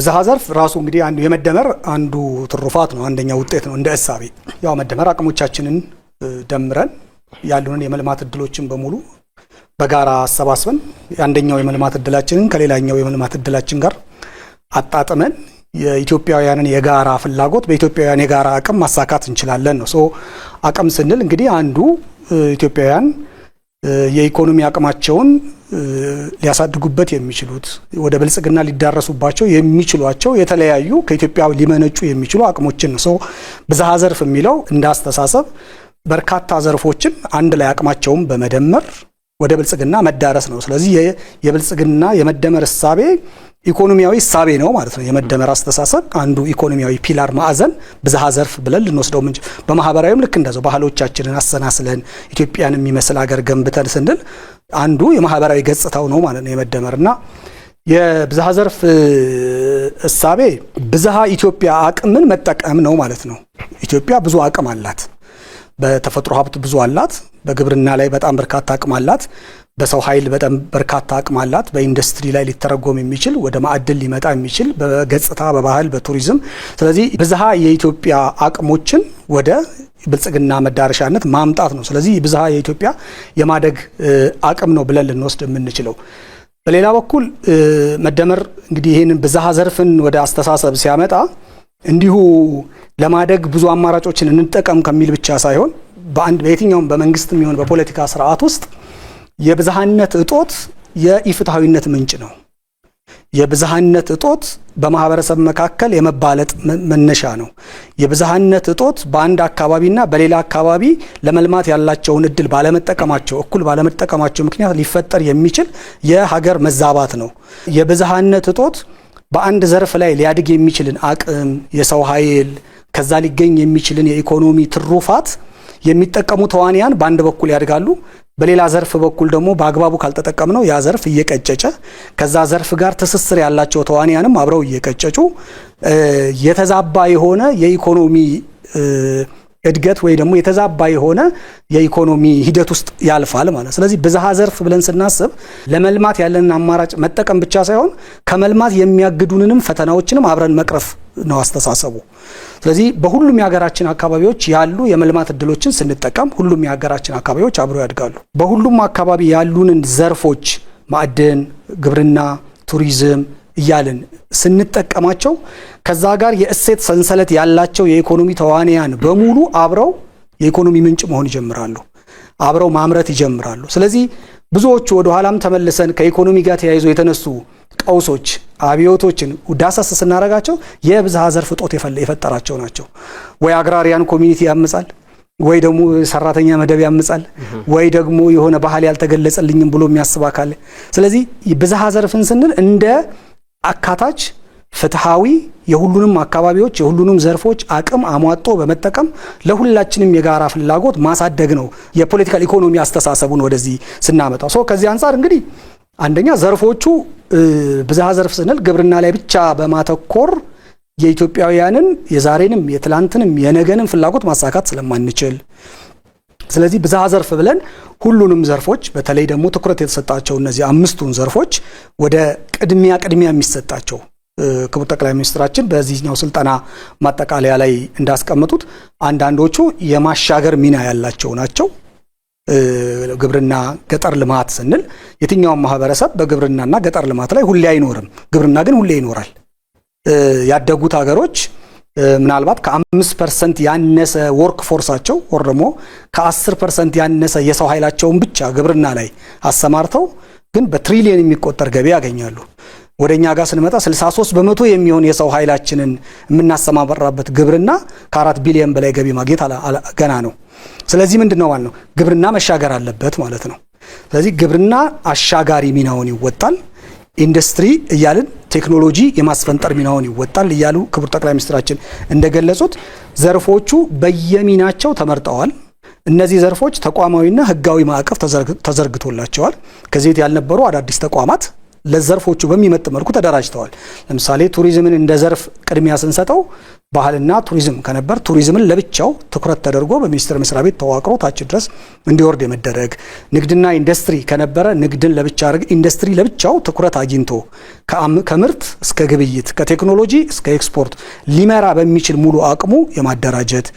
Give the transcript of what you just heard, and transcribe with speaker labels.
Speaker 1: ብዝሃ ዘርፍ ራሱ እንግዲህ አንዱ የመደመር አንዱ ትሩፋት ነው፣ አንደኛው ውጤት ነው እንደ እሳቤ። ያው መደመር አቅሞቻችንን ደምረን ያሉንን የመልማት እድሎችን በሙሉ በጋራ አሰባስበን አንደኛው የመልማት እድላችንን ከሌላኛው የመልማት እድላችን ጋር አጣጥመን የኢትዮጵያውያንን የጋራ ፍላጎት በኢትዮጵያውያን የጋራ አቅም ማሳካት እንችላለን ነው። ሶ አቅም ስንል እንግዲህ አንዱ ኢትዮጵያውያን የኢኮኖሚ አቅማቸውን ሊያሳድጉበት የሚችሉት ወደ ብልጽግና ሊዳረሱባቸው የሚችሏቸው የተለያዩ ከኢትዮጵያ ሊመነጩ የሚችሉ አቅሞችን ነው። ሰው ብዝሃ ዘርፍ የሚለው እንዳስተሳሰብ በርካታ ዘርፎችን አንድ ላይ አቅማቸውን በመደመር ወደ ብልጽግና መዳረስ ነው። ስለዚህ የብልጽግና የመደመር እሳቤ ኢኮኖሚያዊ እሳቤ ነው ማለት ነው። የመደመር አስተሳሰብ አንዱ ኢኮኖሚያዊ ፒላር ማዕዘን ብዝሃ ዘርፍ ብለን ልንወስደው ምንጭ በማህበራዊም ልክ እንደዛው ባህሎቻችንን አሰናስለን ኢትዮጵያን የሚመስል አገር ገንብተን ስንል አንዱ የማህበራዊ ገጽታው ነው ማለት ነው እና የብዝሃ ዘርፍ እሳቤ ብዝሃ ኢትዮጵያ አቅምን መጠቀም ነው ማለት ነው። ኢትዮጵያ ብዙ አቅም አላት። በተፈጥሮ ሀብት ብዙ አላት። በግብርና ላይ በጣም በርካታ አቅም አላት። በሰው ኃይል በጣም በርካታ አቅም አላት። በኢንዱስትሪ ላይ ሊተረጎም የሚችል ወደ ማዕድል ሊመጣ የሚችል በገጽታ፣ በባህል፣ በቱሪዝም ስለዚህ ብዝሃ የኢትዮጵያ አቅሞችን ወደ ብልጽግና መዳረሻነት ማምጣት ነው። ስለዚህ ብዝሃ የኢትዮጵያ የማደግ አቅም ነው ብለን ልንወስድ የምንችለው። በሌላ በኩል መደመር እንግዲህ ይህንን ብዝሃ ዘርፍን ወደ አስተሳሰብ ሲያመጣ እንዲሁ ለማደግ ብዙ አማራጮችን እንጠቀም ከሚል ብቻ ሳይሆን በአንድ በየትኛውም በመንግስት የሚሆን በፖለቲካ ስርዓት ውስጥ የብዝሃነት እጦት የኢፍትሐዊነት ምንጭ ነው። የብዝሃነት እጦት በማህበረሰብ መካከል የመባለጥ መነሻ ነው። የብዝሃነት እጦት በአንድ አካባቢና በሌላ አካባቢ ለመልማት ያላቸውን እድል ባለመጠቀማቸው እኩል ባለመጠቀማቸው ምክንያት ሊፈጠር የሚችል የሀገር መዛባት ነው። የብዝሃነት እጦት በአንድ ዘርፍ ላይ ሊያድግ የሚችልን አቅም፣ የሰው ኃይል ከዛ ሊገኝ የሚችልን የኢኮኖሚ ትሩፋት የሚጠቀሙ ተዋንያን በአንድ በኩል ያድጋሉ፣ በሌላ ዘርፍ በኩል ደግሞ በአግባቡ ካልተጠቀምነው ያ ዘርፍ እየቀጨጨ ከዛ ዘርፍ ጋር ትስስር ያላቸው ተዋንያንም አብረው እየቀጨጩ የተዛባ የሆነ የኢኮኖሚ እድገት ወይ ደግሞ የተዛባ የሆነ የኢኮኖሚ ሂደት ውስጥ ያልፋል ማለት። ስለዚህ ብዝሃ ዘርፍ ብለን ስናስብ ለመልማት ያለንን አማራጭ መጠቀም ብቻ ሳይሆን ከመልማት የሚያግዱንንም ፈተናዎችንም አብረን መቅረፍ ነው አስተሳሰቡ። ስለዚህ በሁሉም የሀገራችን አካባቢዎች ያሉ የመልማት እድሎችን ስንጠቀም ሁሉም የሀገራችን አካባቢዎች አብሮ ያድጋሉ። በሁሉም አካባቢ ያሉንን ዘርፎች ማዕድን፣ ግብርና፣ ቱሪዝም እያልን ስንጠቀማቸው ከዛ ጋር የእሴት ሰንሰለት ያላቸው የኢኮኖሚ ተዋንያን በሙሉ አብረው የኢኮኖሚ ምንጭ መሆን ይጀምራሉ፣ አብረው ማምረት ይጀምራሉ። ስለዚህ ብዙዎቹ ወደ ኋላም ተመልሰን ከኢኮኖሚ ጋር ተያይዞ የተነሱ ቀውሶች፣ አብዮቶችን ዳሰስ ስናደርጋቸው የብዝሃ ዘርፍ እጦት የፈጠራቸው ናቸው። ወይ አግራሪያን ኮሚኒቲ ያምጻል ወይ ደግሞ ሰራተኛ መደብ ያምጻል፣ ወይ ደግሞ የሆነ ባህል ያልተገለጸልኝም ብሎ የሚያስብ አካል። ስለዚህ ብዝሃ ዘርፍን ስንል እንደ አካታች ፍትሐዊ የሁሉንም አካባቢዎች የሁሉንም ዘርፎች አቅም አሟጦ በመጠቀም ለሁላችንም የጋራ ፍላጎት ማሳደግ ነው የፖለቲካል ኢኮኖሚ አስተሳሰቡን ወደዚህ ስናመጣው ሶ ከዚህ አንጻር እንግዲህ አንደኛ ዘርፎቹ ብዝሃ ዘርፍ ስንል ግብርና ላይ ብቻ በማተኮር የኢትዮጵያውያንን የዛሬንም የትላንትንም የነገንም ፍላጎት ማሳካት ስለማንችል ስለዚህ ብዝሃ ዘርፍ ብለን ሁሉንም ዘርፎች በተለይ ደግሞ ትኩረት የተሰጣቸው እነዚህ አምስቱን ዘርፎች ወደ ቅድሚያ ቅድሚያ የሚሰጣቸው ክቡር ጠቅላይ ሚኒስትራችን በዚህኛው ስልጠና ማጠቃለያ ላይ እንዳስቀመጡት አንዳንዶቹ የማሻገር ሚና ያላቸው ናቸው። ግብርና ገጠር ልማት ስንል የትኛውም ማህበረሰብ በግብርናና ገጠር ልማት ላይ ሁሌ አይኖርም። ግብርና ግን ሁሌ ይኖራል። ያደጉት ሀገሮች ምናልባት ከአምስት ፐርሰንት ያነሰ ወርክ ፎርሳቸው ወር ደግሞ ከአስር ፐርሰንት ያነሰ የሰው ኃይላቸውን ብቻ ግብርና ላይ አሰማርተው ግን በትሪሊየን የሚቆጠር ገቢ ያገኛሉ። ወደ እኛ ጋር ስንመጣ 63 በመቶ የሚሆን የሰው ኃይላችንን የምናሰማራበት ግብርና ከአራት ቢሊየን በላይ ገቢ ማግኘት ገና ነው። ስለዚህ ምንድን ነው ማለት ነው ግብርና መሻገር አለበት ማለት ነው። ስለዚህ ግብርና አሻጋሪ ሚናውን ይወጣል ኢንዱስትሪ እያልን ቴክኖሎጂ የማስፈንጠር ሚናውን ይወጣል እያሉ ክቡር ጠቅላይ ሚኒስትራችን እንደገለጹት ዘርፎቹ በየሚናቸው ተመርጠዋል። እነዚህ ዘርፎች ተቋማዊና ሕጋዊ ማዕቀፍ ተዘርግቶላቸዋል። ከዚህ ያልነበሩ አዳዲስ ተቋማት ለዘርፎቹ በሚመጥ መልኩ ተደራጅተዋል። ለምሳሌ ቱሪዝምን እንደ ዘርፍ ቅድሚያ ስንሰጠው ባህልና ቱሪዝም ከነበር ቱሪዝምን ለብቻው ትኩረት ተደርጎ በሚኒስቴር መስሪያ ቤት ተዋቅሮ ታች ድረስ እንዲወርድ የመደረግ ንግድና ኢንዱስትሪ ከነበረ ንግድን ለብቻ አድርግ ኢንዱስትሪ ለብቻው ትኩረት አግኝቶ ከምርት እስከ ግብይት ከቴክኖሎጂ እስከ ኤክስፖርት ሊመራ በሚችል ሙሉ አቅሙ የማደራጀት